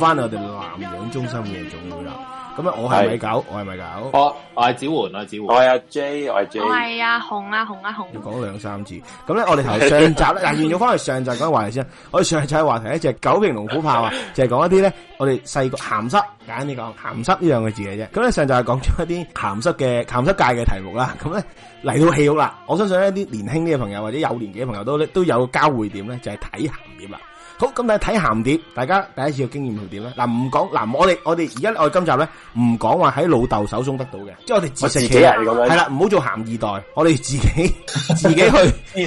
翻我哋南洋中心嘅總會啦，咁啊，我係米狗，我係米狗，我我係子桓，我係子桓，我係阿 J，我係 J，我係阿紅，阿紅，阿紅，要講兩三次。咁咧，我哋頭上集嗱，延續翻我哋上集講話題先。我哋上集嘅話題咧就係九平龍虎炮啊，就係講一啲咧，我哋細個咸濕，簡單啲講咸濕呢樣嘅字嘅啫。咁咧上集係講咗一啲咸濕嘅咸濕界嘅題目啦。咁咧嚟到戲肉啦，我相信咧一啲年輕啲嘅朋友或者有年紀嘅朋友都咧都有交匯點咧，就係睇咸點啊。好咁，但係睇咸碟，大家第一次嘅經驗係點咧？嗱，唔講嗱，我哋我哋而家我哋今集咧唔講話喺老豆手中得到嘅，即係我哋自食其力係啦，唔好做咸二代，我哋自己自己去去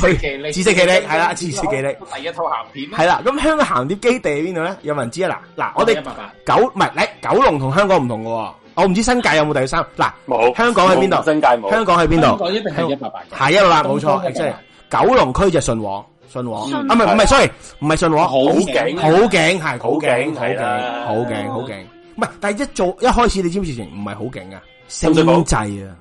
自食其力，係啦，自食其力。第一套鹹片係啦，咁香港鹹碟基地喺邊度咧？有冇人知啊？嗱嗱，我哋九唔係嚟，九龍同香港唔同嘅，我唔知新界有冇第三嗱。冇香港喺邊度？新界冇香港喺邊度？香港一定係一百八，係啦，冇錯，即係九龍區就順和。信和啊，唔係唔係，sorry，唔係信和，好勁好勁係，好勁好勁好勁好勁，唔係，但係一做一開始你知唔知事情唔係好勁啊，星際啊，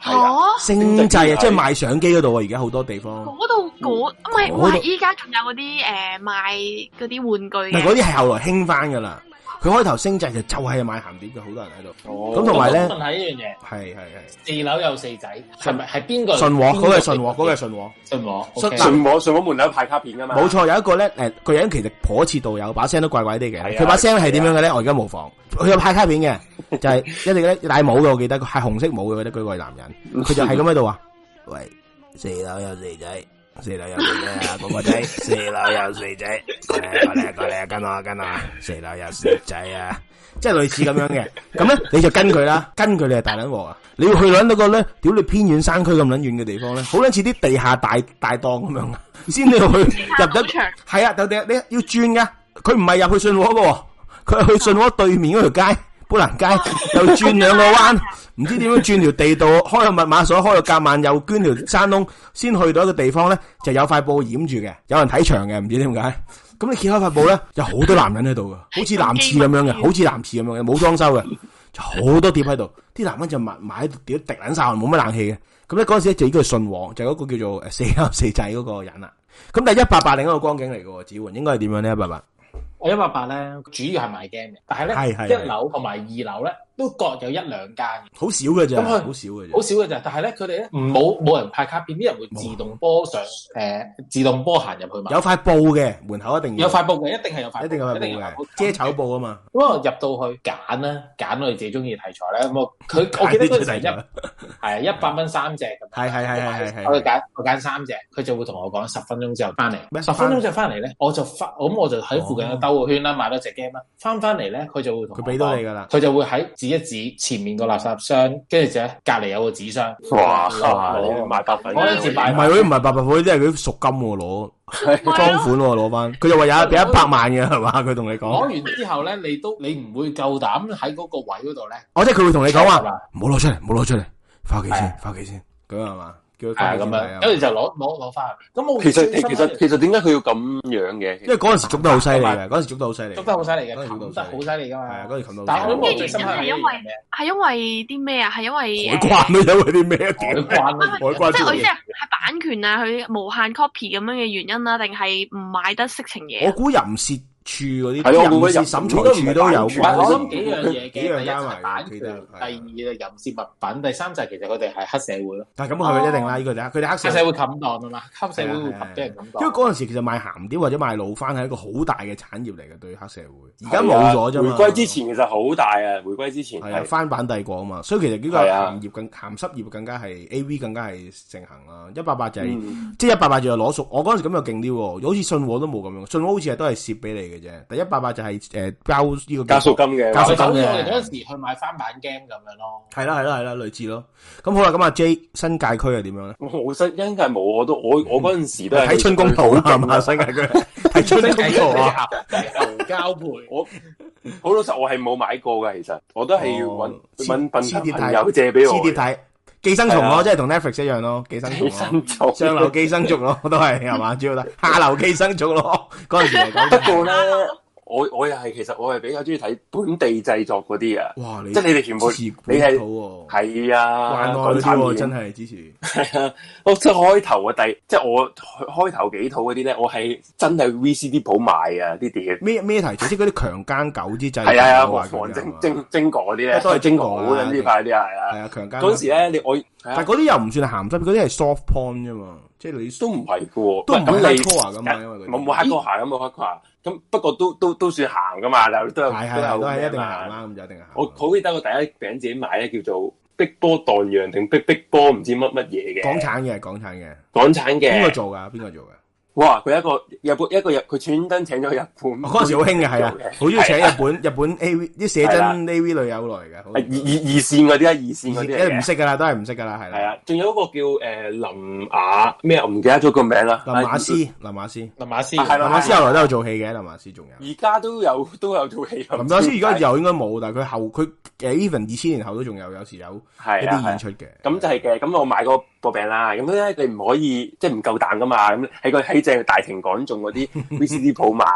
吓星際啊，即係賣相機嗰度，而家好多地方嗰度嗰，唔係我哋依家仲有嗰啲誒賣嗰啲玩具，嗱嗰啲係後來興翻噶啦。佢開頭升漲就就係買咸碟嘅，好多人喺度。咁同埋咧，問下呢樣嘢，係係係。四樓有四仔，係咪係邊個？信和嗰個信和嗰個信和，信和，信信和，信和門口派卡片噶嘛？冇錯，有一個咧，誒，佢樣其實頗似導遊，把聲都怪怪啲嘅。佢把聲係點樣嘅咧？我而家模仿，佢有派卡片嘅，就係一定咧戴帽嘅，我記得，係紅色帽嘅，我覺得佢係男人。佢就係咁喺度話，喂，四樓有四仔。四樓有四仔啊？寶寶仔， 四樓有四仔，過嚟過嚟過嚟，跟我跟我，四樓有四仔啊！即係類似咁樣嘅，咁咧 你就跟佢啦，跟佢哋係大捻鑊啊！你要去搵到個咧，屌你偏遠山區咁捻遠嘅地方咧，好捻似啲地下大大檔咁樣啊！先你去入得，係啊，就點你要轉嘅？佢唔係入去信和嘅，佢係去信和對面嗰條街。嗯 波蘭街又轉兩個彎，唔知點樣轉條地道，開個密碼鎖，開個夾萬，又捐條山窿，先去到一個地方咧，就有塊布掩住嘅，有人睇場嘅，唔知點解。咁你揭開塊布咧，有好多男人喺度嘅，好似男廁咁樣嘅，好似男廁咁樣嘅，冇裝修嘅，就好多碟喺度，啲男人就埋埋喺度，屌，滴撚晒，冇乜冷氣嘅。咁咧嗰陣時就呢個信王，就嗰、是、個叫做誒四口四仔嗰個人啦。咁第一八八零一個光景嚟嘅，子桓應該係點樣呢？一八八？我一百八咧，主要係賣 game 嘅，但係咧，是是是一樓同埋二樓咧。都各有一兩間，好少嘅啫，好少嘅，好少嘅啫。但係咧，佢哋咧唔冇冇人派卡片，啲人會自動波上，誒，自動波行入去嘛。有塊布嘅門口一定要有塊布嘅，一定係有塊，一定有塊布嘅遮醜布啊嘛。咁我入到去揀啦，揀我哋最中意嘅題材咧。咁我佢我記得嗰陣係係一百蚊三隻，係係係係係，我揀我揀三隻，佢就會同我講十分鐘之後翻嚟。十分鐘之後翻嚟咧，我就發，咁我就喺附近度兜個圈啦，買多隻 game 啦。翻翻嚟咧，佢就會同佢俾到你噶啦，佢就會喺。指一指前面個垃圾箱，跟住就，隔籬有個紙箱。哇！嗰啲賣白粉，嗰啲唔係，嗰啲唔係白粉，嗰啲即係嗰啲贖金，我攞，係贓款的，我攞翻。佢、啊、就有 話有俾一百萬嘅，係嘛？佢同你講。攞完之後咧，你都你唔會夠膽喺嗰個位嗰度咧。哦、啊，即係佢會同你講唔好攞出嚟，唔好攞出嚟，翻屋企先，翻屋企先咁樣，係嘛？是的 係咁啊！有陣時攞攞攞翻，咁我其實其實其實點解佢要咁樣嘅？因為嗰陣時捉得好犀利嘅，嗰陣時捉得好犀利，捉得好犀利嘅琴都好犀利噶嘛。係啊，嗰時琴都。但係佢原因係因為係因為啲咩啊？係因為改關都因為啲咩點？即係佢即係係版權啊！佢無限 copy 咁樣嘅原因啦，定係唔買得色情嘢？我估又唔蝕。處嗰啲係我冇入審處都都有，有幾樣嘢嘅。第一，係版權，第二就淫褻物品，第三就其實佢哋係黑社會咯。但係咁咪一定啦，呢個就係佢哋黑黑社會冚檔啊嘛，黑社會會俾人冚檔。因為嗰陣時其實賣咸碟或者賣老翻係一個好大嘅產業嚟嘅，對於黑社會而家冇咗啫嘛。回歸之前其實好大啊，回歸之前係翻版帝國啊嘛，所以其實呢個行業更咸濕業更加係 A V 更加係盛行啦。一百八就係即係一百八就係攞熟，我嗰陣時咁就勁啲，好似信和都冇咁樣，信和好似係都係蝕俾你。嘅啫，第一百八就係誒，交呢個加贖金嘅，就好似我哋嗰陣時去買翻版 game 咁樣咯，係啦係啦係啦，類似咯。咁好啦，咁啊 J 新界區係點樣咧？我新新界冇，我都我我嗰陣時都係喺春宮圖嘅嘛，新界區喺春宮圖啊，牛交配。我好老實，我係冇買過噶，其實我都係要搵搵朋友借俾我。寄生蟲咯，即係同 Netflix 一樣咯，寄生蟲，上流寄生族咯，都係係嘛，主要係下流寄生族咯，嗰陣時嚟講，不過呢。我我又係，其實我係比較中意睇本地製作嗰啲啊！哇，即係你哋全部，你係係啊，國產片真係支持。我即係開頭啊，第即係我開頭幾套嗰啲咧，我係真係 VCD 鋪買啊啲碟。咩咩題？總之嗰啲強奸狗之類係啊，黃黃晶晶晶果嗰啲咧，都係晶果嗰呢派啲係啊。係啊，強奸嗰陣時咧，你我。但嗰啲又唔算咸濕，嗰啲係 soft pon 啫嘛，即係你都唔係嘅，都唔係咁 hardcore 嘛，你因為佢冇 high 過鞋，冇 high 過鞋咁不過都都都算咸噶嘛，但係都有係一定咸啦，咁就一定咸。我好記得我第一餅自己買咧，叫做碧波蕩漾定碧碧波，唔知乜乜嘢嘅，港產嘅係港產嘅，港產嘅，邊個做噶？邊個做噶？哇！佢一個日本一個日，佢串登請咗日本。嗰時好興嘅係啊，好中意請日本日本 A.V. 啲寫真 A.V. 女友來嘅。二二二線嗰啲啊，二線啲，唔識噶啦，都係唔識噶啦，係啦。係啊，仲有一個叫誒林雅咩啊？唔記得咗個名啦。林雅詩，林雅詩，林雅詩係林雅詩，後來都有做戲嘅林雅詩，仲有。而家都有都有做戲。林雅詩而家又應該冇，但係佢後佢 even 二千年後都仲有有時有喺啲演出嘅。咁就係嘅，咁我買個薄餅啦。咁咧你唔可以即係唔夠膽噶嘛？咁係個係。即係大庭廣眾嗰啲 VCD 鋪賣，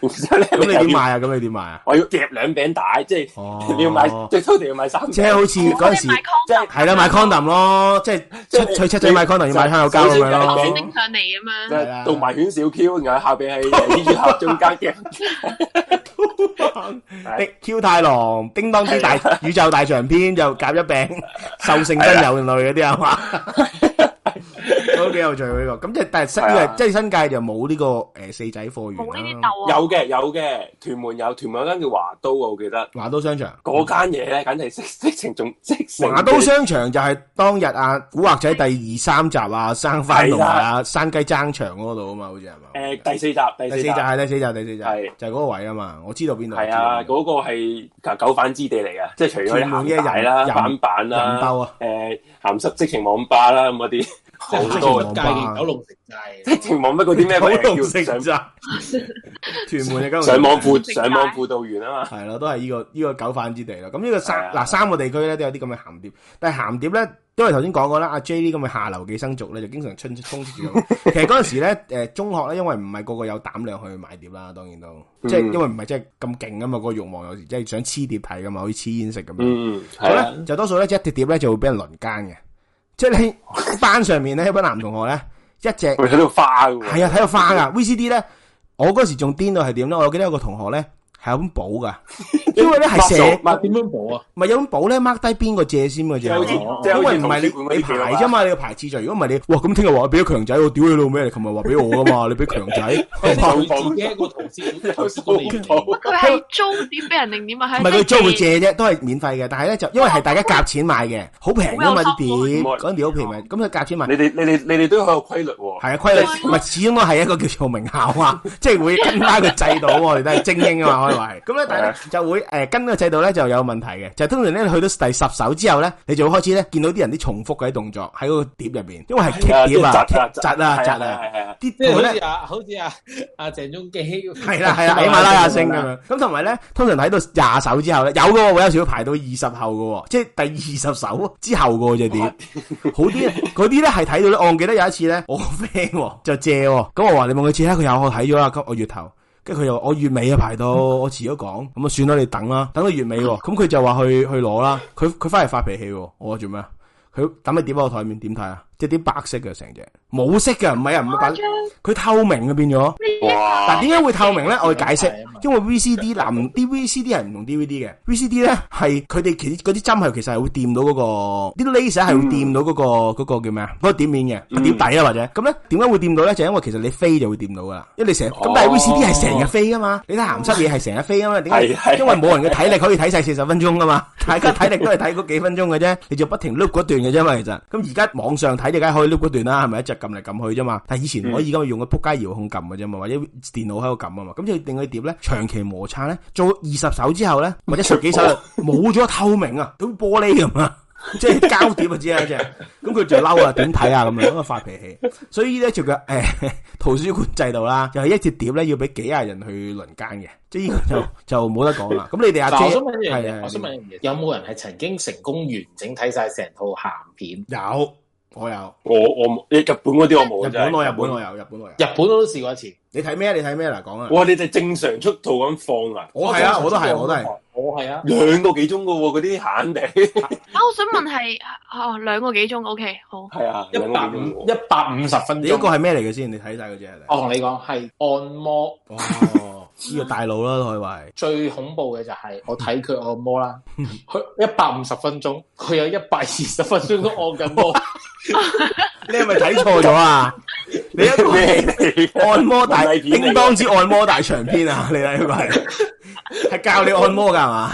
咁你點賣啊？咁你點賣啊？我要夾兩餅帶，即係你要買，最多就要買三。即係好似嗰時，即係係啦，買 condom 咯，即係即係出出出咗買 condom 要買香口膠咁樣咯。升上嚟啊嘛，導盲犬小 Q 然後下邊係，中間夾 Q 太郎、叮當之大宇宙大長篇，就夾一餅獸性溫柔類嗰啲啊嘛。都幾有趣呢個，咁即係第新即係新界就冇呢個誒四仔貨源，冇有嘅有嘅，屯門有，屯門有間叫華都我記得華都商場嗰間嘢咧，梗係色情仲色情，華都商場就係當日啊古惑仔第二三集啊生番同埋啊山雞爭場嗰度啊嘛，好似係嘛？誒第四集第四集係第四集第四集係就係嗰個位啊嘛，我知道邊度係啊，嗰個係九反之地嚟啊，即係除咗屯門一仔啦板板啦兜啊，誒咸濕色情網吧啦咁嗰啲。即係全九龍城寨，即係全網乜嗰啲咩？九龍城寨，城寨城寨 屯門啊，九上網輔上網輔導員啊嘛，係咯， 都係呢、這個呢、這個狗飯之地啦。咁呢個三嗱的三個地區咧都有啲咁嘅咸碟，但係咸碟咧，因為頭先講過啦，阿 J 啲咁嘅下流寄生族咧就經常冲冲錢。著著那個、 其實嗰陣時咧，誒中學咧，因為唔係個個有膽量去買碟啦，當然都即係、嗯、因為唔係即係咁勁啊嘛，個欲望有時即係、就是、想黐碟睇咁嘛，可以黐煙食咁樣。嗯呢，就多數咧一碟碟咧就會俾人輪奸嘅。即係 班上面咧，一班男同學咧，一直，佢睇到花嘅，係啊，睇到花噶 VCD 咧，我嗰時仲癲到係點咧？我記得有個同學咧。係咁補噶，因為咧係社物點樣補啊？唔係有咁補咧，mark 低邊個借先嘅啫。因為唔係你你排啫嘛，你個排次序。如果唔係你，哇咁聽日話俾咗強仔，我屌你老咩？琴日話俾我噶嘛，你俾強仔。我投資嘅個投資，佢係租點俾人定點啊？唔係佢租會借啫，都係免費嘅。但係咧就因為係大家夾錢買嘅，好平噶嘛啲點嗰啲好平啊。咁佢夾錢買。你哋你哋你哋都有規律喎。係啊，規律咪始終都係一個叫做名校啊，即係會跟翻個制度。我哋都係精英啊嘛。咁咧，但係咧就會誒跟個制度咧就有問題嘅，就通常咧去到第十手之後咧，你就會開始咧見到啲人啲重複嘅動作喺個碟入邊，因為係劇碟啊，扎扎扎啊扎啊，啲碟咧，即係好似啊，好似啊啊鄭中基，係啦係啦，喜馬拉雅星咁樣。咁同埋咧，通常睇到廿手之後咧，有個會有時會排到二十後嘅喎，即係第二十手之後嘅喎隻碟。好啲，嗰啲咧係睇到咧。我記得有一次咧，我 friend 就借，咁我話你問佢借啊，佢有我睇咗啦，今個月頭。跟住佢又話我月尾啊，排到我遲咗講，咁啊算啦你等啦，等到月尾，啊，咁佢就話去去攞啦，佢，佢翻嚟發脾氣喎，我話做咩啊？佢咁你點喺我台面點睇啊？即係啲白色嘅成隻。冇色嘅，唔係啊，唔係白，佢透明嘅變咗。哇！嗱，點解會透明咧？我解釋，因為 VCD，南 D V C D 係唔同 D V D 嘅。V C D 咧係佢哋其實嗰啲針係其實係會掂到嗰個啲 laser 係會掂到嗰個，嗰個叫咩啊？嗰個碟面嘅碟底啊或者咁咧，點解會掂到咧？就因為其實你飛就會掂到噶啦，因為你成日咁，但係 V C D 係成日飛啊嘛，你睇鹹濕嘢係成日飛啊嘛，點解？因為冇人嘅體力可以睇曬四十分鐘啊嘛，大家體力都係睇嗰幾分鐘嘅啫，你就不停碌嗰段嘅啫嘛其實。咁而家網上睇你梗係可以碌嗰段啦，係咪啊？就撳嚟撳去啫嘛，但係以前唔可以咁用個扑街遙控撳嘅啫嘛，或者電腦喺度撳啊嘛，咁、嗯、就令佢碟咧長期摩擦咧，做二十首之後咧，或者十幾首就冇咗 透明 啊，咁玻璃咁啊，即係膠碟啊，知啦，即係，咁佢就嬲啦，點睇啊，咁樣發脾氣，所以咧就叫誒，圖書館制度啦，就係、是、一隻碟咧要俾幾廿人去輪更嘅，即係呢個就就冇得講啦。咁你哋阿 姐係啊，我想問有冇人係曾經成功完整睇晒成套鹹片？有。我有，我我冇，你日本嗰啲我冇啫。我日本我有，日本我有。日本我都試過一次。你睇咩？你睇咩嗱？講啊！哇，你哋正常速度咁放啊！我係啊，我都係，我都係，我係啊。兩個幾鐘噶喎，嗰啲閒地。啊，我想問係哦，兩個幾鐘？O K，好。係啊，一百五，一百五十分鐘。呢個係咩嚟嘅先？你睇晒嗰隻嚟。我同你講係按摩。哦，呢個大佬啦，可以話。最恐怖嘅就係我睇佢按摩啦。佢一百五十分鐘，佢有一百二十分鐘都按緊。你係咪睇錯咗啊？你一套戲按摩大，應當之按摩大長篇啊！你睇個係，係教你按摩噶係嘛？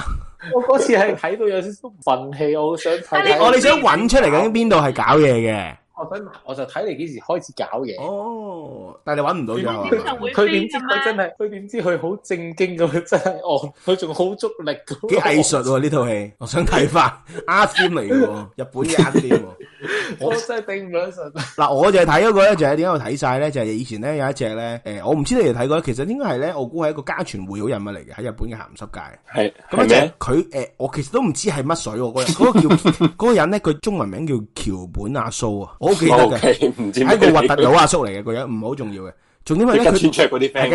我嗰次係睇到有少少憤氣，我好想睇。我你想搵出嚟，究竟邊度係搞嘢嘅？我想，我就睇你幾時開始搞嘢。哦，但係你搵唔到咗啊？佢點知佢真係？佢點知佢好正經咁樣真係？哦，佢仲好足力嘅。幾藝術呢套戲？我想睇翻，阿 team 嚟嘅，日本阿 team 我真係頂唔順。嗱，我就係睇嗰個咧，就係點解我睇晒咧，就係以前咧有一隻咧，誒、欸，我唔知你哋睇過，其實應該係咧，我估係一個家傳戶曉人物嚟嘅，喺日本嘅鹹濕界。係咁啊，即係佢誒，我其實都唔知係乜水，我嗰個叫嗰個人咧，佢 中文名叫橋本阿蘇啊，我記得嘅，係、 okay, 一個核突佬阿叔嚟嘅，個樣唔係好重要嘅。重點係咧，佢係跟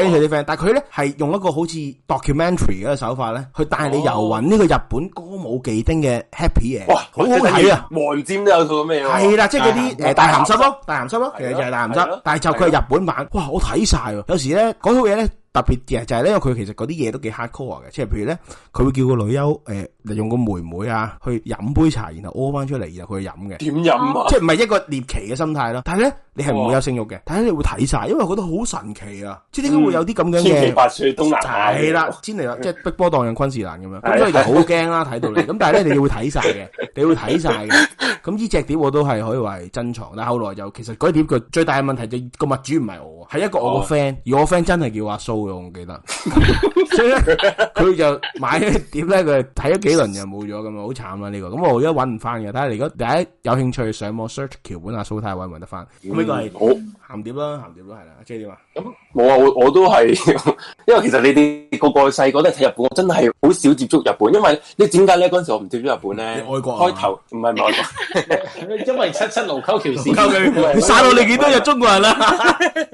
住佢啲 friend，但係佢咧係用一個好似 documentary 嘅手法咧，去帶你遊匀呢個日本歌舞伎町嘅 happy 嘢。哇，好好睇啊！黃霑都有套咩？係啦，即係嗰啲誒大鹹濕咯，大鹹濕咯，其實就係大鹹濕咯。但係就佢係日本版。哇，好睇晒。有時咧，嗰套嘢咧。特別嘅就係咧，因為佢其實嗰啲嘢都幾 hardcore 嘅，即係譬如咧，佢會叫個女優誒，用個妹妹啊去飲杯茶，然後屙翻出嚟，然後佢去飲嘅。點飲？即係唔係一個獵奇嘅心態咯。但係咧，你係唔會有性慾嘅。但係咧，你會睇晒，因為我覺得好神奇啊！即係點解會有啲咁樣嘅千奇百趣東南亞係啦，千即係碧波蕩漾昆士蘭咁樣。咁所以就好驚啦，睇到你。咁但係咧，你會睇晒嘅，你會睇晒嘅。咁呢隻碟我都係可以話係珍藏，但係後來就其實嗰碟佢最大嘅問題就個物主唔係我，係一個我個 friend，而我 friend 真係叫阿蘇。我記得，佢 就買咗碟咧，佢睇咗幾輪又冇咗咁好慘啊呢、這個。咁我而家搵唔翻嘅，但係如果第一有興趣上網 search 橋本亞蘇太，搵唔搵得翻？咁呢、嗯、個係我咸碟啦，咸碟都係啦，即係點啊？咁冇啊，我都係，因為其實你哋個個細個都係睇日本，我真係好少接觸日本，因為咧、嗯，你點解咧嗰陣時我唔接觸日本咧？開國開頭唔係咪？國 因為七七盧溝橋事，殺到你幾多日是因為 中國人啦？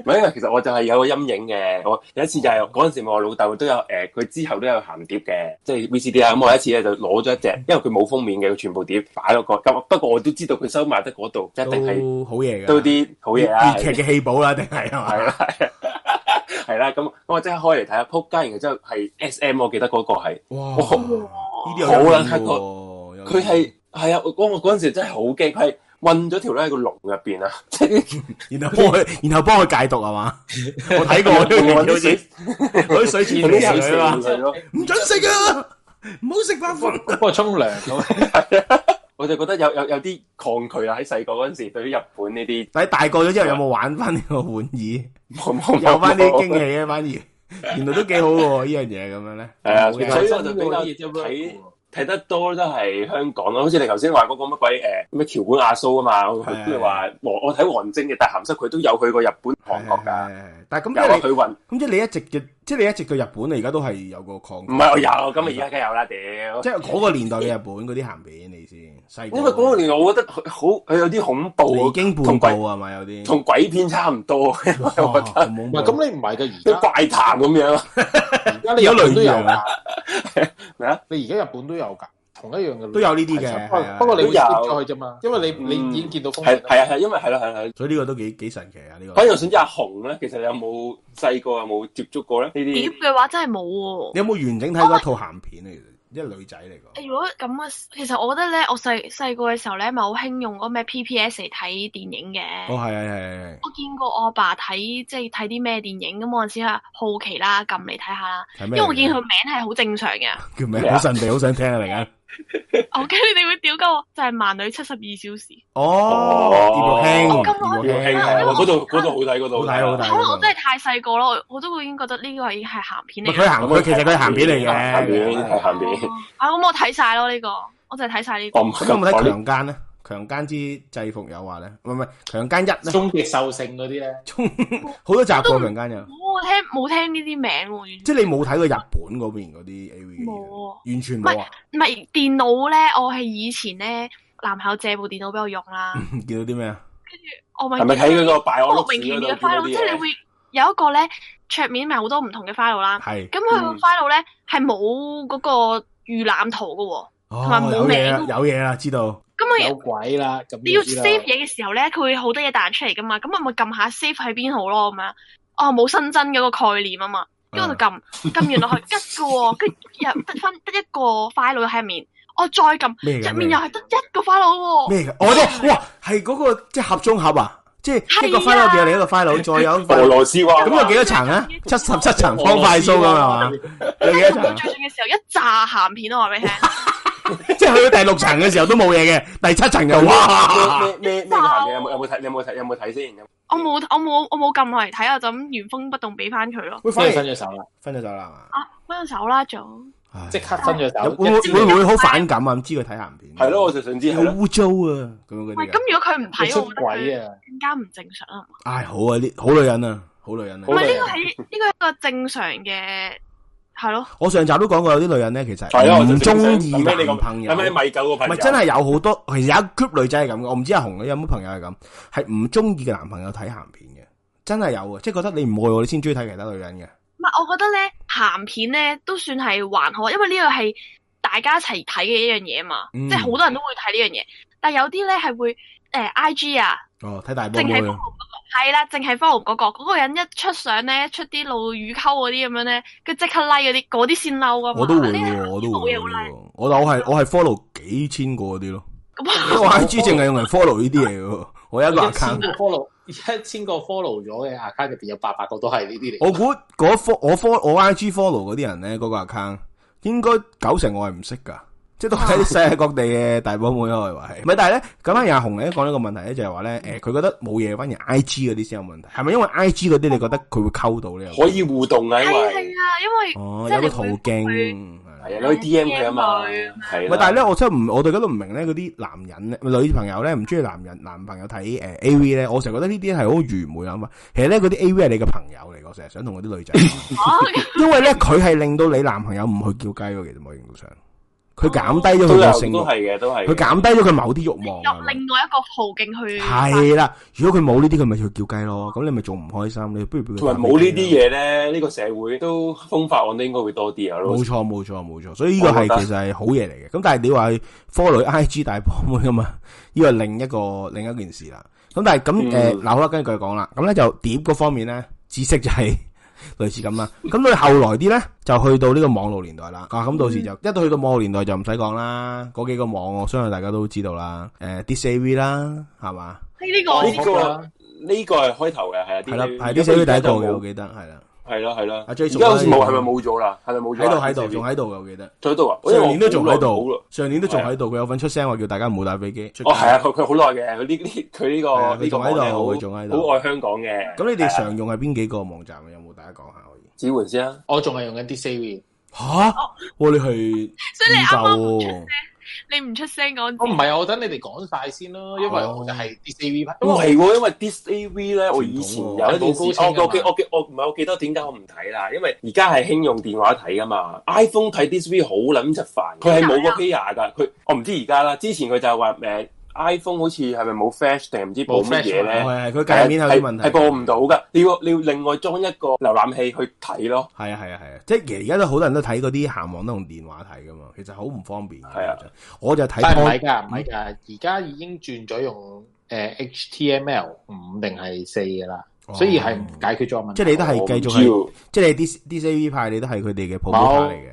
唔係，因為其實我就係有個陰影嘅，我有一次。就係嗰陣時，我老豆都有誒，佢之後都有鹹碟嘅，即係 VCD 啊。咁我有一次咧就攞咗一隻，因為佢冇封面嘅，佢全部碟擺咗個咁。不過我都知道佢收埋得嗰度，一定係好嘢，都啲好嘢啊！粵劇嘅戲寶啦，定係係啦。係啦，咁咁我即刻開嚟睇下，撲街完之後係 SM，我記得嗰個係哇，呢啲好難睇喎。佢係係啊，我我嗰陣時真係好驚，佢運咗條咧喺個籠入面啊，然後幫佢，然後幫佢解毒係嘛？我睇過，我都水，我啲水全部死死啦，唔准食啊！唔好食爆飯，不過沖涼我就覺得有有有啲抗拒啦，喺細個嗰陣時，對於日本呢啲，但係大個咗之後，有冇玩翻呢個玩意？有翻啲驚喜啊，反而，原來都幾好噶，呢樣嘢咁樣咧。係啊，所以我就比較睇。睇得多都係香港咯，好似你頭先話嗰個乜鬼誒咩橋本亞蘇啊嘛，都係話王我睇王晶嘅，但係鹹濕佢都有去過日本韓國㗎，但係咁即係你咁即係你一直嘅，即、就、係、是、你一直個日本你而家都係有個韓國，唔係我有，咁啊而家梗係有啦屌，即係嗰個年代嘅日本嗰啲鹹片你先。因為嗰個年代，我覺得好，有啲恐怖，驚半步係咪有啲？同鬼片差唔多，咁，你唔係噶而家怪談咁樣。而家你日本都有啦。咩啊？你而家日本都有噶，同一樣嘅。都有呢啲嘅。不過，你又入咗去啫嘛？因為你你已經見到係係啊係，因為係啦係啦。所以呢個都幾幾神奇啊！呢個。反而又選阿紅咧，其實你有冇細個有冇接觸過咧？呢啲點嘅話真係冇。你有冇完整睇過一套鹹片啊？一女仔嚟嘅。如果咁嘅，其實我覺得咧，我細細個嘅時候咧，咪好興用嗰咩 PPS 嚟睇電影嘅。哦，係啊，係，係。我見過我阿爸睇，即係睇啲咩電影。咁我陣時啊，好奇啦，撳嚟睇下啦。睇咩？因為我見佢名係好正常嘅。 叫咩？好神秘，好想聽啊，嚟緊。 我驚你哋會屌鳩，就係《萬女七十二小時》。哦，輕，好輕，嗰度嗰度好睇，嗰度好睇，好睇。我真係太細個咯，我都會已經覺得呢個已經係咸片嚟。佢行佢其實佢係咸片嚟嘅，咸片係咸片。啊，咁我睇晒咯呢個，我淨係睇晒呢個。咁有冇睇強奸咧？強奸之制服誘惑咧，唔係唔係強奸一咧，終極獸性嗰啲咧，好多集嘅強奸人。冇聽冇聽呢啲名喎，即係你冇睇過日本嗰邊嗰啲 AV，冇，完全冇。唔係電腦咧，我係以前咧，男朋友借部電腦俾我用啦。見到啲咩啊？係咪睇佢個擺我莫名嘅 file？即係你會有一個咧，桌面咪好多唔同嘅 file 啦。係。咁佢個 file 咧係冇嗰個預覽圖噶，同埋冇名。有嘢啦，知道。咁有鬼啦！你要 save 嘢嘅時候咧，佢會好多嘢彈出嚟噶嘛？咁啊，咪撳下 save 喺邊好咯咁樣。哦，冇新增嗰個概念啊嘛。跟住我就撳，撳完落去吉嘅，跟住又得翻得一個 file 喺入面。我再撳入面又係得一個 file 喎。咩？我咧，哇，係嗰個即係盒中盒啊，即係一個 file 變咗另一個 file，再有俄羅斯話咁有幾多層啊？七十七層方塊數咁啊嘛。有幾多層啊？最盡嘅時候，一炸咸片我話俾你聽。即係去到第六層嘅時候都冇嘢嘅，第七層就哇咩咩咩嘅，有冇有冇睇？你有冇睇有冇睇先？我冇我冇我冇撳落嚟睇，我就咁原封不動俾翻佢咯。即係分咗手啦，分咗手啦嘛。啊，分咗手啦，仲即刻分咗手。會唔會好反感啊？唔知佢睇下片。掂。係咯，我就想知。好污糟啊，咁樣嗰啲。咁如果佢唔睇，我我覺得更加唔正常啊。唉，好啊，啲好女人啊，好女人啊。唔係呢個係呢個係一個正常嘅。係咯，我上集都講過有啲女人咧，其實係啊，唔中意你男朋友。係咪米狗個朋友？咪真係有好多，其實有一 group 女仔係咁嘅，我唔知阿紅女有冇朋友係咁，係唔中意嘅男朋友睇咸片嘅，真係有啊，即係覺得你唔愛我，你先中意睇其他女人嘅。唔係，我覺得咧咸片咧都算係還好，因為呢個係大家一齊睇嘅一樣嘢嘛，即係好多人都會睇呢樣嘢。但係有啲咧係會誒、呃、I G 啊，哦睇大波波。係啦，淨係 follow 嗰個，嗰個人一出相咧，出啲露乳溝嗰啲咁樣咧，佢即刻 like 嗰啲，嗰啲先嬲噶嘛。我都會，我都會。我我係我係 follow 幾千個嗰啲咯。咁 我 I G 淨係用嚟 follow 呢啲嘢噶， 我一個 account。一千個 follow，一千個 follow 咗嘅 account 入邊有八百個都係呢啲嚟。我估嗰科我 follow 我 I G follow 嗰啲人咧，嗰個 account 應該九成我係唔識噶。即都睇世界各地嘅大寶貝咯，係咪？ 但係咧，咁阿阿紅咧講呢個問題咧，就係話咧，誒，佢覺得冇嘢，反而 I G 嗰啲先有問題，係咪？因為 I G 嗰啲你覺得佢會溝到呢？可以互動啊，因為係啊，因為哦即是 有個途徑係啊，D M 佢啊嘛，係的但係咧，我真係唔，我而家都唔明咧。嗰啲男人咧，女朋友咧，唔中意男人男朋友睇誒、呃、A V 咧，我成日覺得呢啲係好愚昧啊嘛。其實咧，嗰啲 A V 係你嘅朋友嚟，我成日想同我啲女仔， 因為咧佢係令到你男朋友唔去叫雞咯。其實冇影到相。佢減低咗佢性慾，佢減低咗佢某啲慾望，入另外一個途徑去。係啦，如果佢冇呢啲，佢咪去叫雞咯。咁你咪做唔開心咧。不如，同埋冇呢啲嘢咧，呢個社會都風化案都應該會多啲啊。冇錯，冇錯，冇錯。所以依個係其實係好嘢嚟嘅。咁但係你話 KOLIG 大波妹咁啊，依個係另一個另一件事啦。咁但係咁誒，嗱，好啦，我跟住佢講啦。咁咧就點嗰方面咧，知識就係。 類似咁啊，咁佢後來啲咧就去到呢個網絡年代啦。啊，咁到時就、嗯、一到去到網絡年代就唔使講啦，嗰幾個網絡我相信大家都知道啦。誒、呃、DCV 啦，係嘛？呢、這個呢、哦這個呢個係開頭嘅，係啊，係啦的，係、這個、DCV 第一個嘅，我記得係啦。係啦係啦，而家好似係咪冇咗啦？係咪冇咗？喺度喺度，仲喺度嘅我記得。仲喺度啊！上年都仲喺度，上年都仲喺度。佢有份出聲話叫大家唔好打飛機。哦，係啊，佢佢好耐嘅，呢呢佢呢個呢仲喺度。好愛香港嘅。咁你哋常用係邊幾個網站？有冇大家講下可以？子桓先啊，我仲係用緊 DC 吓，哇你係宇你唔出聲講，我唔係我等你哋講晒先咯，因為我就係 D C V，唔係喎，因為 D C V 咧我以前有一高清我，我記我記我唔係我，我記得點解我唔睇啦，因為而家係興用電話睇噶嘛，iPhone 睇 D C V 好捻出煩，佢係冇個 P R 噶，佢、啊、我唔知而家啦，之前佢就話誒。呃 iPhone 好似係咪冇 Flash 定唔知播乜嘢咧？佢、哦、界面有啲問題，係播唔到噶。的你要你要另外裝一個瀏覽器去睇咯。係啊係啊係啊，即係而家都好多人都睇嗰啲咸網都用電話睇噶嘛，其實好唔方便嘅。係啊的，我就睇。唔係噶唔係噶，而家已經轉咗用誒、呃、HTML 五定係四噶啦，哦、所以係解決咗個問題。即係你都係繼續係，即係啲啲 C,、D、C V 派，你都係佢哋嘅普及派嚟嘅。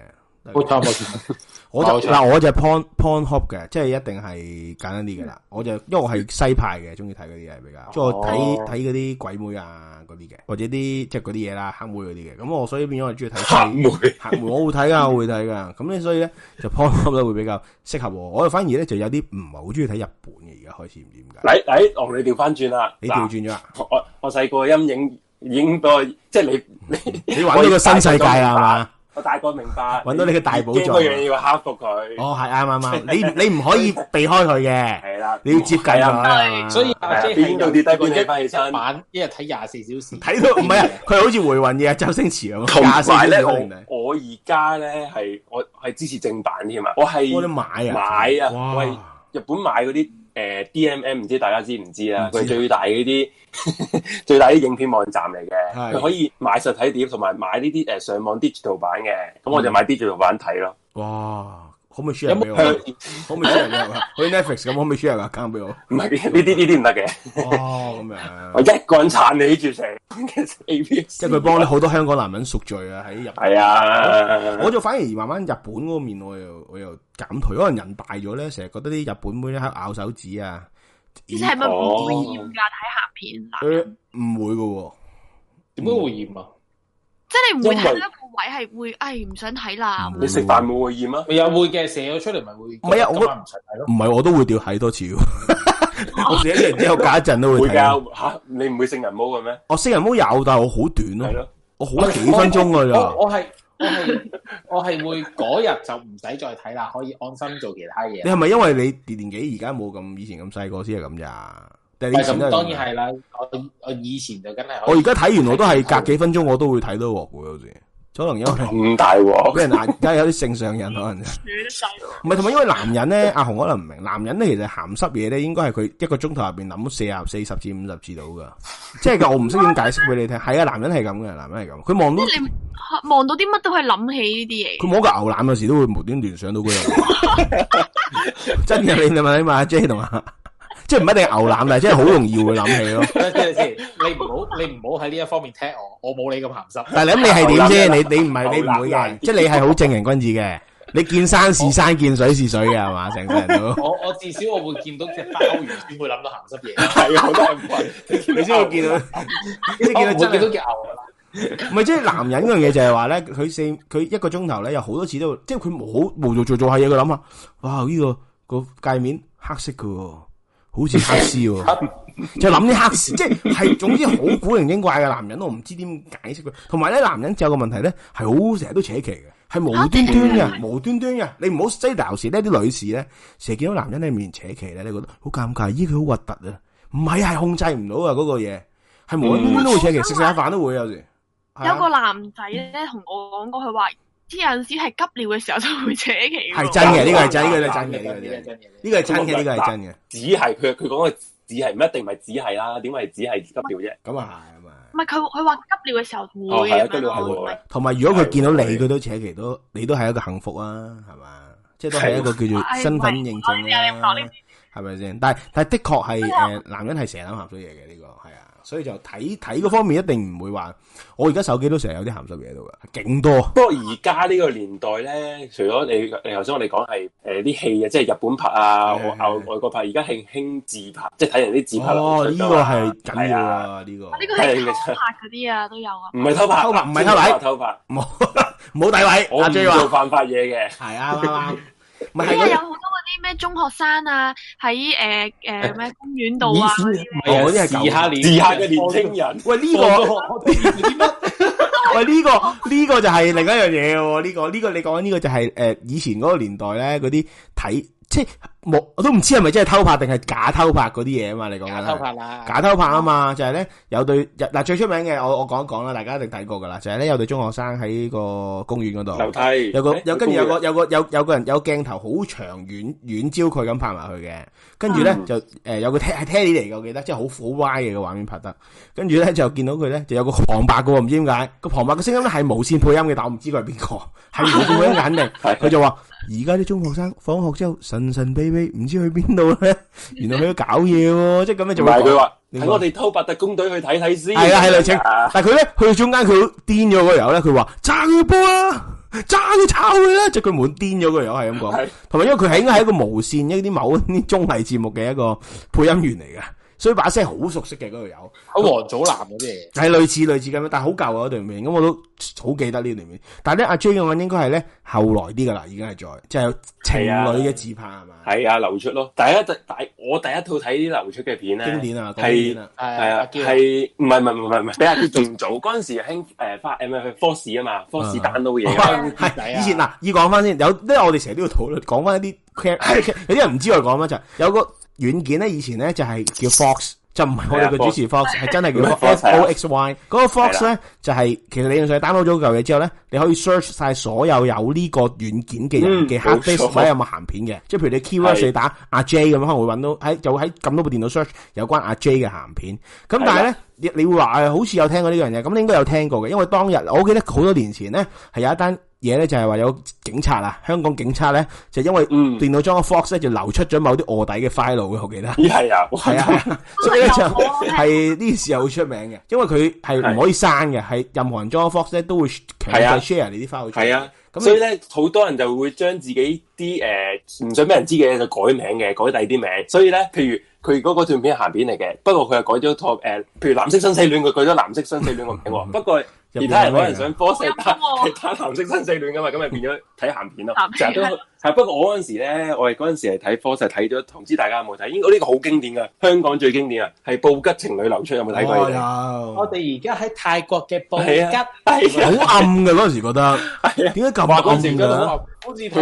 好差唔多。 我就嗱，我就係 Porn PornHub 嘅，即係一定係簡單啲嘅啦。我就因為我係西派嘅，中意睇嗰啲嘢比較，即係我睇睇嗰啲鬼妹啊，嗰啲嘅，或者啲即係嗰啲嘢啦，黑妹嗰啲嘅。咁我所以變咗我中意睇黑妹。黑妹我會睇噶，我會睇噶。咁咧所以咧就 PornHub 咧會比較適合我。我反而咧就有啲唔係好中意睇日本嘅，而家開始唔知點解。嚟嚟，我同你調翻轉啦。你調轉咗啊？我我細個陰影影到，即係你你你玩呢個新世界啊？我大概明白，揾到你嘅大寶藏，要克服佢。哦，係啱啱啱，你你唔可以避開佢嘅。係啦，你要接近啦。所以即係變到跌低，嗰啲翻起身。晚一日睇廿四小時，睇到唔係啊，佢好似回魂嘢，周星馳咁。同埋咧，我而家咧係我係支持正版添啊！我係買啊，買啊，喂。日本買嗰啲。誒、呃、DMM 唔知大家知唔知啊？佢、啊、最大嗰啲 最大啲影片網站嚟嘅，佢是可以買實體碟同埋買呢啲誒上網 digital 版嘅，咁我就買 digital 版睇咯、嗯。哇！可唔可以 share 俾我？可唔可以 share 俾我？好似 Netflix 咁，可唔可以 share 個 account 俾我？唔係呢啲呢啲唔得嘅。哦，咁樣。樣 我一個人撐你住成。 即係佢幫你好多香港男人贖罪啊！喺日係啊，我就反而慢慢日本嗰個面我又我又減退，可能人大咗咧，成日覺得啲日本妹咧咬手指啊。即係咪唔會厭噶睇咸片？佢唔會噶，點解會厭啊！即係你唔會睇到一個位係會，唉、哎、唔想睇啦。嗯、你食飯會唔會厭啊？嗯、會啊，會嘅，成日出嚟咪會。唔係是我唔齊睇咯，唔係我都會掉睇多次。 我成日只有隔一陣都會睇。會噶吓、啊啊，你唔會聖人毛嘅咩？我聖、哦、人毛有，但係我好短咯、啊。係咯的，我好幾分鐘噶咋。我係我係我係會嗰日就唔使再睇啦，可以安心做其他嘢。你係咪因為你年紀而家冇咁以前咁細個先係咁咋？但當然係啦我。我以前就梗係。我而家睇完，我都係隔幾分鐘，我都會睇到鑊嘅好似。可能因為咁大鑊，俾 人男，而家有啲正常人可能。女唔係，同埋因為男人咧，阿、 啊、紅可能唔明，男人咧其實鹹濕嘢咧，應該係佢一個鐘頭入邊諗四廿四十至五十次到噶。即係、 就是、我唔識點解釋俾你聽。係啊，男人係咁嘅，男人係咁。佢望到望到啲乜都係諗起呢啲嘢。佢摸個牛腩有時都會無端端想到嗰樣嘢。 真係你你問阿 J 同啊？ 即係唔一定牛腩，但係真係好容易會諗起咯。即係你唔好，你唔好喺呢一方面踢我，我冇你咁咸濕。但係你諗，你係點啫？你你唔係你唔會嘅，即係你係好正人君子嘅。你見山是山，見水是水嘅係嘛？成世人都我我至少我會見到隻鮑魚先會諗到咸濕嘢。係啊，好多人問你知我見到，你見到真冇見到隻牛啦。唔係即係男人嗰樣嘢就係話咧，佢四佢一個鐘頭咧有好多次都即係佢冇無無做做下嘢，佢諗下，哇呢個個界面黑色㗎。 好似黑絲喎， 就諗啲黑絲，即係總之好古靈精怪嘅男人，我唔知點解釋佢。同埋咧，男人就有個問題咧，係好成日都扯旗嘅，係無端端嘅，無端端嘅。你唔好即係鬧事咧，啲女士咧成日見到男人喺面扯旗咧，你覺得好尷尬，咦，佢好核突啊！唔係，係控制唔到啊，嗰個嘢係無端端都會扯旗，食下飯都會有時。有個男仔咧同我講過，佢話。有陣時係急尿嘅時候就會扯旗，係真嘅，呢個係真嘅，呢嘅，真嘅，真嘅，呢個係真嘅，呢個係真嘅，只係佢佢講嘅，只係唔一定唔係只係啦，點解只係急尿啫？咁啊係啊嘛，唔係佢佢話急尿嘅時候會，同埋如果佢見到你，佢都扯旗，都你都係一個幸福啊，係嘛？即係都係一個叫做身份認證啦，係咪先？但係但係的確係誒，男人係成日諗咸濕嘢嘅呢個係啊。所以就睇睇嗰方面一定唔會話，我而家手機都成日有啲咸濕嘢喺度噶，勁多。不過而家呢個年代咧，除咗你你頭先我哋講係誒啲戲啊，即係日本拍啊，外是的 外國拍，而家興興自拍，即係睇人啲自拍。哦，呢、這個係要的、這個、啊，呢、這個偷拍嗰啲啊都有啊。唔係偷,偷,偷拍，偷拍唔係偷位，偷拍唔好唔好詆毀。阿 J 話犯法嘢嘅，係我不 啊。依家有好多嗰啲咩中學生啊，喺誒誒咩公園度啊嗰啲，嗰啲係時下年下嘅年輕人。喂，呢、這個喂，呢 個呢、這個這個、個就係另一樣嘢嘅。呢個呢個你講緊呢個就係誒以前嗰個年代咧，嗰啲睇即。就是我都唔知係咪真係偷拍定係假偷拍嗰啲嘢啊嘛？你講緊假偷拍啊偷拍嘛，就係、是、咧有對嗱、啊、最出名嘅，我我講一講啦，大家一定睇過噶啦，就係、是、咧有對中學生喺個公園嗰度樓梯，有個有、欸、跟住有個有個有有個人有個鏡頭好長遠遠焦佢咁拍埋佢嘅，跟住咧、嗯、就誒、呃、有個聽係聽你嚟，我記得，即係好好歪嘅個畫面拍得，跟住咧就見到佢咧就有個旁白個，唔知點解個旁白嘅聲音咧係無線配音嘅，但我唔知佢係邊個，係 無線配音肯定，佢 就話而家啲中學生放學之後神神秘秘。唔知去邊度咧，原來佢都搞嘢喎、啊，即係咁樣就話佢話等我哋偷拍特工隊去睇睇先，係啊係雷清，但係佢咧去到中間佢癲咗個友咧，佢話炸佢波啦，炸佢炒佢啦，即係佢滿癲咗個友係咁講，同埋的因為佢係應該係一個無綫一啲某啲綜藝節目嘅一個配音員嚟嘅。所以把聲好熟悉嘅嗰度有，阿王祖藍嗰啲嘢，係類似類似咁樣，但係好舊嗰段片，咁我都好記得呢段片。但係咧阿 J 嘅話，應該係咧後來啲噶啦，已經係再，即係有情侶嘅自拍係嘛？係啊，流出咯。第一第我第一套睇啲流出嘅片咧，經典啊，係係啊，係唔係唔係唔係唔係，比阿 J 仲早。嗰陣時興誒發誒，唔係啊嘛 f 士彈到嘢係。以前嗱，要講翻先，有因為我哋成日都要討論，講翻一啲有啲人唔知我講乜就係有個。軟件咧，以前咧就係叫 Fox，就唔係我哋嘅主持 Fox，係真係叫 F O X Y。嗰個 Fox 咧就係，其實你用上 download 咗嚿嘢之後咧，你可以 search 晒所有有呢個軟件嘅人嘅 hard disk 有冇鹹片嘅，即係譬如你 keyword 你打阿 J 咁樣，可能會搵到喺就喺咁多部電腦 search 有關阿 J 嘅鹹片。咁但係咧，你你會話誒，好似有聽過呢樣嘢，咁你應該有聽過嘅，因為當日我記得好多年前咧係有一單。嘢咧就係話有警察啦，香港警察咧、嗯、就因為電腦裝個 fox 咧就流出咗某啲卧底嘅 file 嘅，我記得。係、嗯、啊，係啊， 所以咧就係呢件事又好出名嘅，因為佢係唔可以刪嘅，係、啊、任何人裝個 fox 咧都會強制 share 你啲 file。係啊，咁你所以咧好多人就會將自己啲誒唔想俾人知嘅嘢就改名嘅，改第啲名。所以咧，譬如佢嗰個段片係鹹片嚟嘅，不過佢係改咗 Top p 誒，譬如《藍色生死戀》，佢改咗《藍色生死戀》個名喎。不過。其他人可能想波色， 其他男色生四戀噶嘛，咁咪 變咗睇咸片咯，成日 都。 係，不過我嗰陣時咧，我係嗰陣時係睇科實睇咗，唔知大家有冇睇？應該呢個好經典噶香港最經典啊，係布吉情侶流出，有冇睇過？有。我哋而家喺泰國嘅布吉，係啊，好暗噶嗰陣時覺得，係啊，點解咁暗嘅？好似好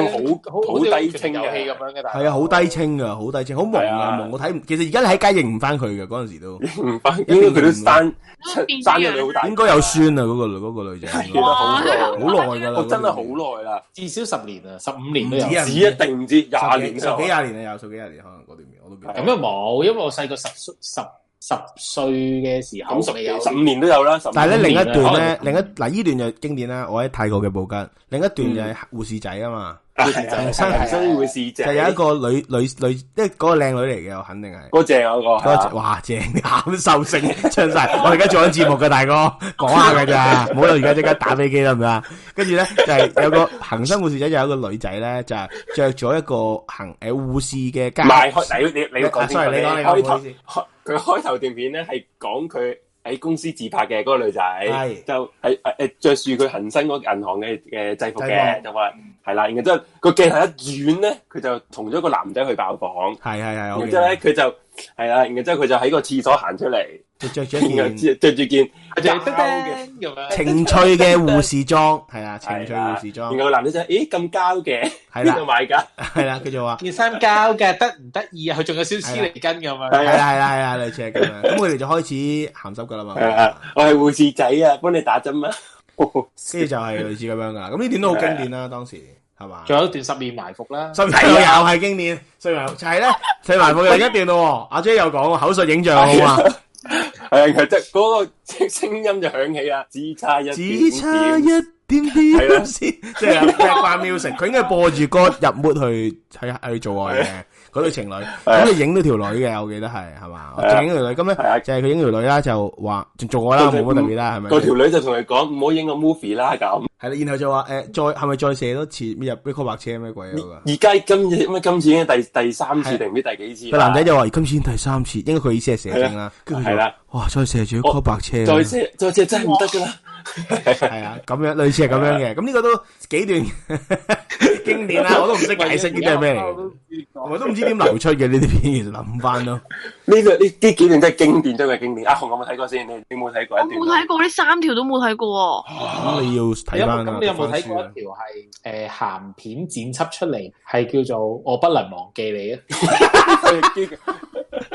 好好低清嘅戲咁樣嘅，係啊，好低清噶，好低清，好朦啊，朦，我睇唔，其實而家你喺街認唔翻佢嘅嗰陣時都認唔翻，因為佢都生生咗，你應該有酸啊嗰個女嗰個女仔，好耐，好耐噶啦，真係好耐啦，至少十年啊，十五年。25，只一定唔知廿幾年，十幾廿年啊，有十幾廿年，可能嗰段嘢我都記得。咁又冇，因為我細個十十十歲嘅時候，十五年都有，十五,十五年都有啦。但係咧另一段咧，另一嗱呢段就經典啦，我喺泰國嘅布吉；另一段就係護士仔啊嘛。嗯。恒生恒生護士仔，係有一個女女女，即係嗰個靚女嚟嘅，肯定係。好正嗰個，哇，正啱收聲，唱晒。我而家做緊節目嘅大哥，講下噶咋，唔好喇而家即刻打飛機啦，唔該。跟住咧就係有個恒生護士仔，就有一個女仔咧，就着咗一個行誒護士嘅。唔係，你你你講出嚟，你講你講，唔好意思。佢開頭段片咧係講佢喺公司自拍嘅嗰個女仔，係就誒誒着住佢恒生嗰銀行嘅嘅制服嘅，就話。係啦，然之後個鏡頭一轉咧，佢就同咗個男仔去爆房，係係係。然之後咧佢就係啦，然之後佢就喺個廁所行出嚟，着住一件着住件膠膠嘅咁樣情趣嘅護士裝，係啦，情趣護士裝。然後個男仔就咦，咁膠嘅，喺邊度買噶？係啦，佢就話件衫膠嘅，得唔得意啊？佢仲有少少黐孖根咁樣。係啦係啦係啦，類似係咁樣。咁佢哋就開始鹹濕噶啦嘛。我係護士仔啊，幫你打針啊。跟住就係類似咁樣噶，咁呢段都好經典啦，的當時係嘛？仲有一段十面埋伏啦，十面又係經典， 十面就係、是、咧，四埋伏又另一段咯。阿姐又講口述影像啊嘛，係啊，佢即係嗰個即聲音就響起啊，只差一點點，只差一啲啲，係老師，即係百秒成，佢 應該播住歌入末去睇下去，去做愛嘅。嗰對情侶，咁你影到條女嘅，我記得係係嘛，影條女，咁咧就係佢影條女啦，就話仲做我啦，冇乜特別啦，係咪？個條女就同佢講唔好影個 movie 啦，咁係啦，然後就話誒，再係咪再射多次入啲 call 白車咩鬼啊？而家今日咩今次已經第第三次定唔知第幾次？個男仔又話今次第三次，應該佢意思係射精啦。跟住佢話哇，再射住 call 白車，再射再射真係唔得噶啦。係啊，咁樣類似係咁樣嘅，咁呢個都幾段。經典啊！我都唔識解釋呢啲係咩嚟，我都唔知點流出嘅呢啲片，諗翻咯。呢、這個呢啲經典真係經典中嘅經典。阿、啊、紅有冇睇過先？你你冇睇過？我冇睇過，呢三條都冇睇過。咁你要睇翻噶。咁你有冇睇過一條係誒咸片剪輯出嚟，係叫做《我不能忘記你》啊？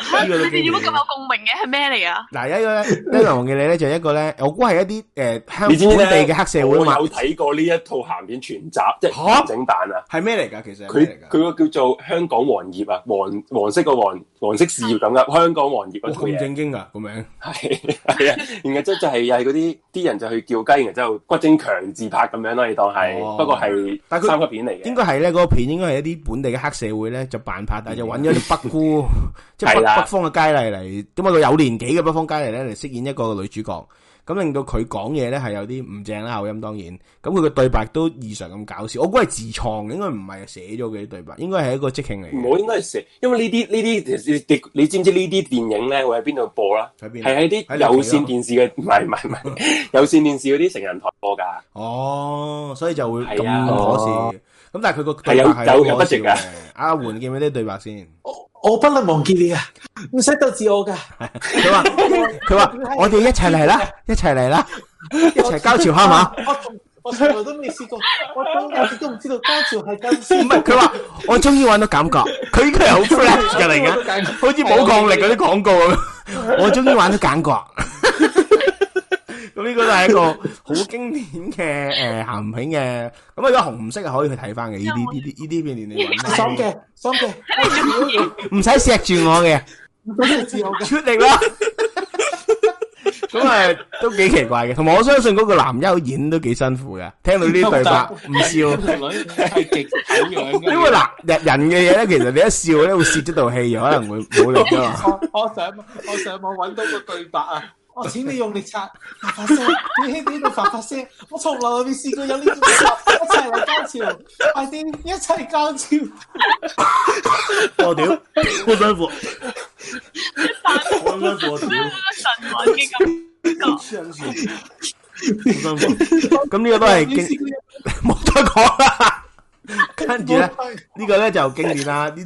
你哋點解咁有共鳴嘅？係咩嚟啊？嗱，一個咧，呢一個黃嘅咧，就一個咧，我估係一啲誒、呃，香港本地嘅黑社會。我有睇過呢一套咸片全集，即係整蛋啊，係咩嚟噶？其實佢佢個叫做香港黃葉啊，黃黃色個黃黃色事業咁啊，「香港黃葉嗰套咁正經啊，個名係係啊，然之後就係又係嗰啲啲人就去叫雞，然之後骨精強自拍咁樣咯，你當係不過係，但三級片嚟嘅。應該係咧，嗰個片應該係一啲本地嘅黑社會咧，就扮拍，但係、嗯、就揾咗啲北姑，即係。北方嘅佳麗嚟，咁啊個有年紀嘅北方佳麗咧嚟飾演一個女主角，咁令到佢講嘢咧係有啲唔正啦，口音當然，咁佢嘅對白都異常咁搞笑，我估係自創，應該唔係寫咗嘅啲對白，應該係一個即興嚟嘅。唔好應該係寫，因為呢啲呢啲你知唔知呢啲電影咧會喺邊度播啦？喺邊？係喺啲有線電視嘅，唔係唔係唔係有線電視嗰啲成人台播噶。哦，所以就會咁、啊哦、可笑。咁但係佢個係有走 有有不值噶。阿媛見嗰啲對白先。 我不能忘記你啊！唔使妒忌我噶，佢話佢話我哋一齊嚟啦，一齊嚟啦，一齊高潮吓嘛？ 我從來都未試過，我從來都唔知道高潮係咁。唔係佢話我終於玩到感覺，佢應該係好 friend 入嚟嘅，好似冇抗力嗰啲廣告咁， 我終於玩到感覺。 呢個都係一個好經典嘅誒咸片嘅，咁啊個紅色係可以去睇翻嘅。呢啲呢啲呢啲片段你搵。爽嘅，爽嘅，唔使錫住我嘅，咁啊自由出力啦。咁啊都幾奇怪嘅，同埋我相信嗰個男優演都幾辛苦嘅。聽到呢啲對白唔笑，因為嗱人嘅嘢咧，其實你一笑咧會泄咗道氣，可能會冇力噶嘛。我上我上網搵到個對白啊。我請你用力擦，發發聲，你喺呢度發發聲，我從來未試過有呢種一齊嚟交潮，快啲一齊交潮，我屌！好辛苦，好辛苦，冇有神棍嘅好辛苦，好辛苦，咁呢個都係經，冇得講啦，跟住咧呢個咧就經典啦，呢。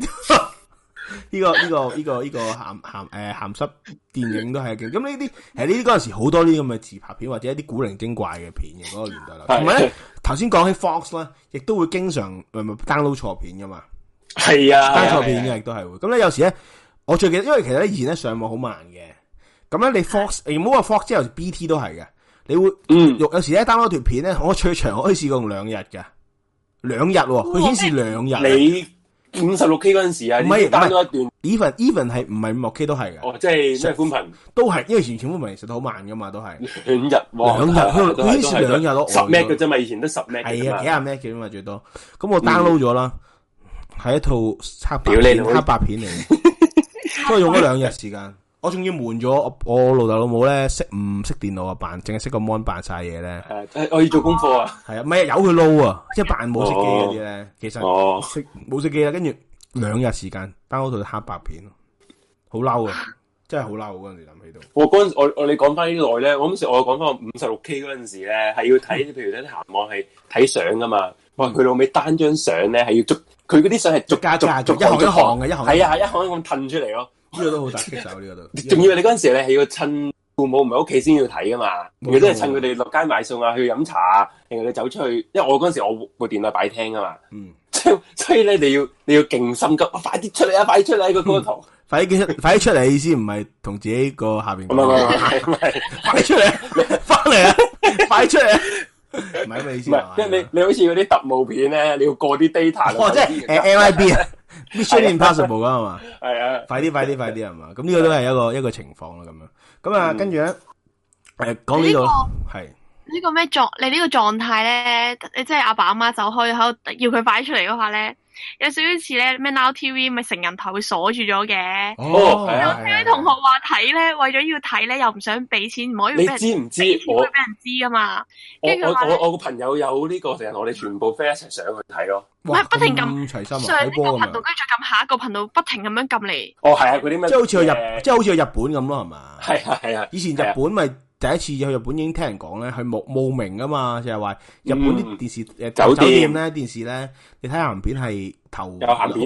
呢、這個呢、這個呢、這個呢、這個咸咸誒咸濕電影都係嘅，咁呢啲其實呢啲嗰陣時好多呢啲咁嘅自拍片或者一啲古靈精怪嘅片嘅嗰、那個年代啦。同埋咧，頭先講起 Fox 咧，亦都會經常唔係 download 錯片噶嘛，係啊，download 錯片嘅亦都係會。咁咧有時咧，我最記得，因為其實以前咧上網好慢嘅，咁咧你 Fox，唔好話 Fox 之後 BT 都係嘅，你會嗯，有有時咧 download 條片咧，我最長可以試過用兩日嘅，兩日，佢、哦、顯示兩日。哦你你五十六 K 嗰陣時啊，唔係 download 一段 even even 係唔係五六 K 都係嘅，哦即係即係寬頻都係，因為以前寬頻其實都好慢噶嘛，都係兩日，兩日，佢佢先兩日咯，十 Mbps 嘅啫嘛，以前都十 Mbps 係啊，幾廿 Mbps 嘛最多，咁我 download 咗啦，係一套黑白片，黑白片嚟，都係用咗兩日時間。我仲要瞞咗，我老豆老母咧識唔識電腦啊？辦，淨係識個 mon 辦晒嘢咧。係、啊，我要做功課 啊。係啊，咪由佢撈啊，即係扮冇識機嗰啲咧。其實識冇識機啊，跟住兩日時間 down 到黑白片，好嬲啊！真係好嬲嗰陣時諗喺度。我嗰陣我我你講翻呢耐咧，我嗰時我，我講翻個五十六 K 嗰陣時咧，係要睇譬如咧啲咸網係睇相噶嘛。哇！佢老味 down 張相咧係要逐佢嗰啲相係逐家逐逐一行一行嘅綁一行，係啊係一行咁褪出嚟咯。 呢個都好大技巧，呢個都。仲以為你嗰陣時，你係要趁父母唔喺屋企先要睇噶嘛？原來都係趁佢哋落街買餸啊，去飲茶啊。原來你走出去，因為我嗰陣時我部電腦擺廳噶嘛。嗯。所以所以咧，你要你要勁心急，快啲出嚟啊！快啲出嚟個圖，快啲快啲出嚟意思唔係同自己個下邊。唔係快啲出嚟，翻嚟啊！快啲出嚟，唔係即係你你好似嗰啲特務片咧，你要過啲 data。即係 M I B 啊。必然 impossible 噶係嘛，係啊，快啲快啲快啲啊嘛，咁呢個都係一個一個情況啦，咁樣、sure. oui，咁啊、um，跟住咧，誒，講呢個係呢個咩狀？你呢個狀態咧，你即係阿爸阿媽走開喺度，要佢擺出嚟嘅話咧。有少少似咧咩 Now TV 咪成人台會鎖住咗嘅，有啲同學話睇咧，為咗要睇咧又唔想俾錢，唔可以俾人知。你知唔知我？我我個朋友有呢個，成日我哋全部飛一齊上去睇咯。唔係不停撳上一個頻道，跟住再撳下一個頻道，不停咁樣撳嚟。哦，係啊，嗰啲咩？即係好似去日，即係好似去日本咁咯，係嘛？係啊，係啊，以前日本咪。第一次去日本已經，聽人講咧，係慕慕名啊嘛，就係話日本啲電視誒酒店咧，電視咧，你睇鹹片係頭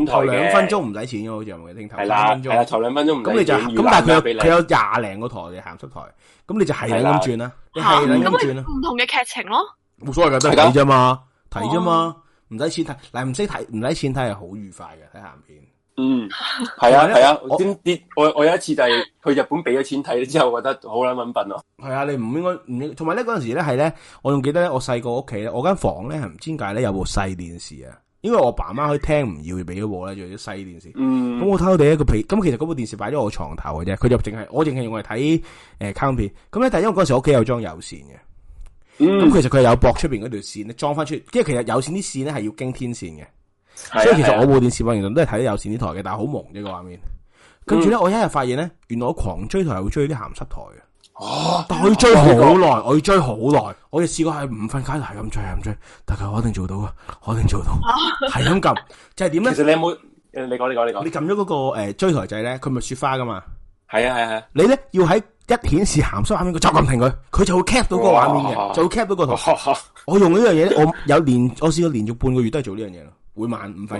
頭兩分鐘唔使錢嘅，好似我聽頭。係啦，係啦，頭兩分鐘咁你就咁，但係佢有佢有廿零個台嘅鹹濕台，咁你就係咁轉啦，你係咁轉啦，唔同嘅劇情咯，冇所謂嘅，得睇啫嘛，睇啫嘛，唔使錢睇嗱，唔使睇唔使錢睇係好愉快嘅睇鹹片。嗯，係啊，係啊，我我，我，我有一次就係去日本俾咗錢睇咗之後，覺得好撚揾笨咯。係啊，你唔應該，你同埋咧嗰陣時咧係咧，我仲記得咧，我細個屋企咧，我間房咧係唔知解咧有部細電視啊。因為我爸媽可以聽唔要，要俾嗰部咧，就啲細電視。咁、嗯、我偷偷哋一個皮，咁其實嗰部電視擺咗我床頭嘅啫，佢就淨係我淨係用嚟睇誒卡通片。咁咧，但因為嗰陣時我屋企有裝有線嘅，咁、嗯嗯、其實佢有駁出邊嗰條線咧，裝翻出，即係其實有線啲線咧係要經天線嘅。 所以其實我部電視放完都係睇有線啲台嘅，但係好矇呢個畫面。跟住咧，我一日發現咧，原來我狂追台係會追啲咸濕台嘅。哦、但追好、哦、我要追好耐，我要追好耐。我哋試過係唔瞓街係咁追，係咁追，但係我一定做到啊，我一定做到。係咁撳，就係點咧？其實你有冇你講，你講，你講。你撳咗嗰個誒追台仔咧，佢咪雪花噶嘛？係啊，係啊。你咧要喺一顯示咸濕畫面，佢就撳停佢，佢就會 cap 到個畫面嘅，哦、就會 cap 到個圖。哦哦、我用呢樣嘢，我有連我試過連續半個月都係做呢樣嘢咯。會晚五瞓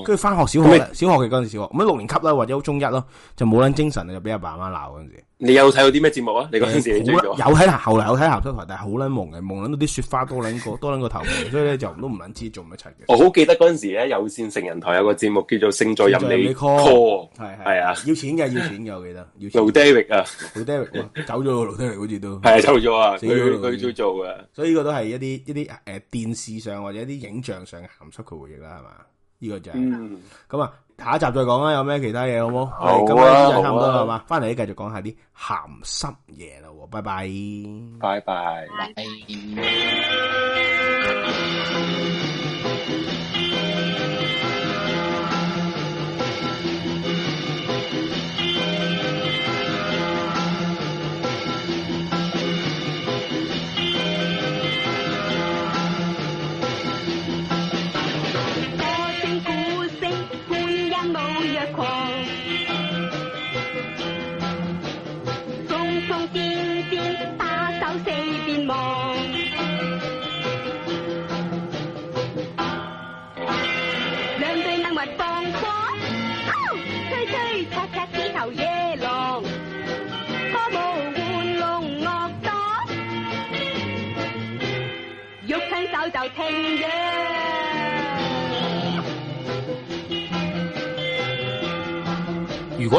覺，跟住翻學小學，嗎小學嘅嗰陣時小學，唔係六年級啦，或者中一咯，就冇撚精神，就俾阿爸阿媽鬧嗰陣時。你有睇過啲咩節目啊？你嗰陣時你追咗有睇，後嚟有睇咸濕台，但係好撚蒙嘅，蒙到啲雪花多撚過多撚過頭，所以咧就都唔撚知做乜柒嘅。我好記得嗰陣時咧有線成人台有個節目叫做《勝在淫李》，係係啊，要錢嘅，要錢嘅，我記得。盧大偉啊，盧大偉走咗個盧大偉，好似都係啊，走咗啊，佢佢做做嘅，所以呢個都係一啲一啲誒電視上或者一啲影像上咸濕嘅回憶啦，係嘛？呢個就係咁啊。下一集再講啦，有咩其他嘢好冇？咁差唔多啦，係嘛？翻嚟繼續講下啲咸濕嘢啦，拜拜！拜拜，拜拜。